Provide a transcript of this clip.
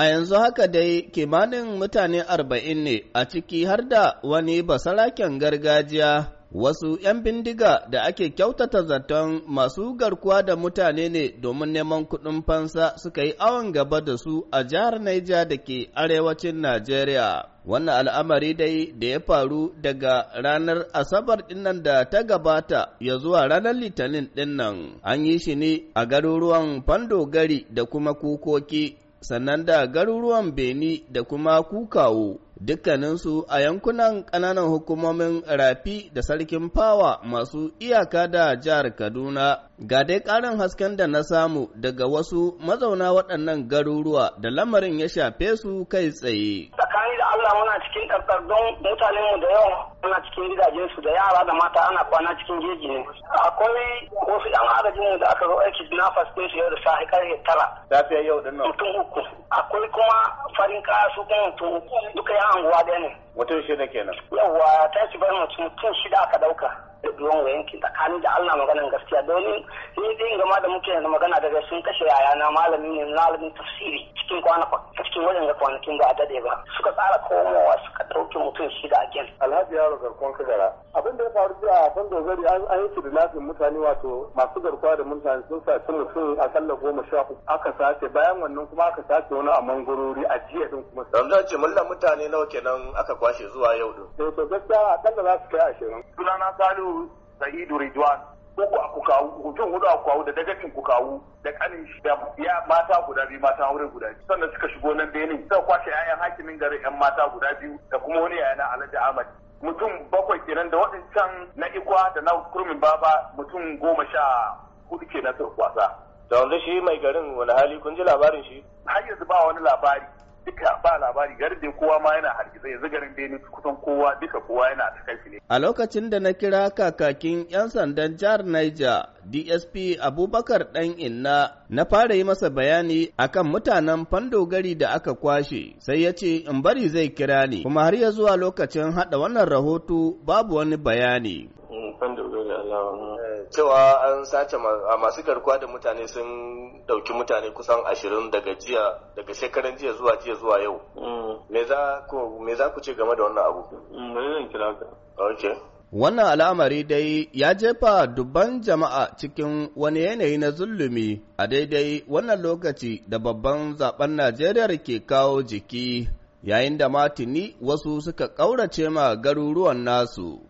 A yanzu haka dai kimanin mutane arba'in ne a ciki har da wani basaraken gargajiya wasu ‘yan bindiga da ake kyautata zaton masu garkuwa da mutane ne domin neman kuɗin fansa suka yi awon gaba da su a jihar Naija da ke arewacin Najeriya. Wannan al'amari dai da ya faru daga ranar Asabar dinnan da ta gabata ya zuwa ranar Litinin dinnan, an yi shi ne a garuruwan Fando Gari da kuma Kukoki sannan da garuruwan Beni da kuma Kukawo, dukkaninsu a yankunan ƙananan hukumomin Rafi da Sarkin Fawa masu iyaka da jihar Kaduna. Ga dai ƙarin hasken da na samu daga wasu mazauna waɗannan garuruwa da lamarin ya shafe su kai tsaye. don mutanen mu da yawa ana cikin gidajen su da yara da mata ana kwana cikin jeji ne akwai wasu yan agajin mu da aka zo aiki na fasfin su yau da safe karfe tara safiya yau din nan mutum uku akwai kuma farin kaya su kuma mutum uku duka yan anguwa da ne mutum shida kenan yawa ta shi bari mutum shida aka dauka da duwan wayanki tsakanin da Allah maganan gaskiya domin ni din gama da muke yanzu magana daga sun kashe yaya na malami ne alamin tafsiri cikin kwana cikin wajen da kwanakin ba a dade ba suka tsara komowa mutum shida a gen. Alhaji ya Yaro Garkon Kagara. Abin da ya faru jiya a san dogari an yi kidnapping mutane wato masu garkuwa da mutane sun sace mutum akalla goma sha uku aka sace bayan wannan kuma aka sace wani a mangorori a jiya din kuma. Ramza ce mulla mutane nawa kenan aka kwashe zuwa yau din. Eh to gaskiya akalla za su kai ashirin. Sunana Salihu Sa'idu Ridwan. uku a kukawu hutun hudu a kukawu da dagacin kukawu da kanin shi da ya mata guda biyu mata aure guda biyu sannan suka shigo nan benin suka kwashe 'ya'ya garin yan mata guda biyu da kuma wani yaya na Alhaji Ahmad mutum bakwai kenan da waɗancan na ikwa da na kurmin baba mutum goma sha hudu kenan na kwasa. Da wanzu shi mai garin wani hali kun ji labarin shi? Har yanzu ba wani labari. duka ba labari garin da kowa ma yana hargitsa yanzu garin Beni kusan kowa duka kowa yana ta ne. A lokacin da na kira kakakin 'yan sandan jihar Niger DSP Abubakar Dan Inna na fara yi masa bayani akan mutanen fandogari da aka kwashe sai ya ce in bari zai kira ni kuma har ya zuwa lokacin haɗa wannan rahoto babu wani bayani. Eh, cewa an sace masu garkuwa da mutane sun dauki mutane kusan ashirin daga jiya daga shekaran jiya zuwa jiya zuwa yau mm. me za ku ce game da wannan abu mm, wannan al'amari dai ya jefa dubban jama'a cikin wani yanayi na zulumi a daidai wannan lokaci da babban zaben najeriya ke kawo jiki yayin da matini wasu suka ƙaurace ma garuruwan nasu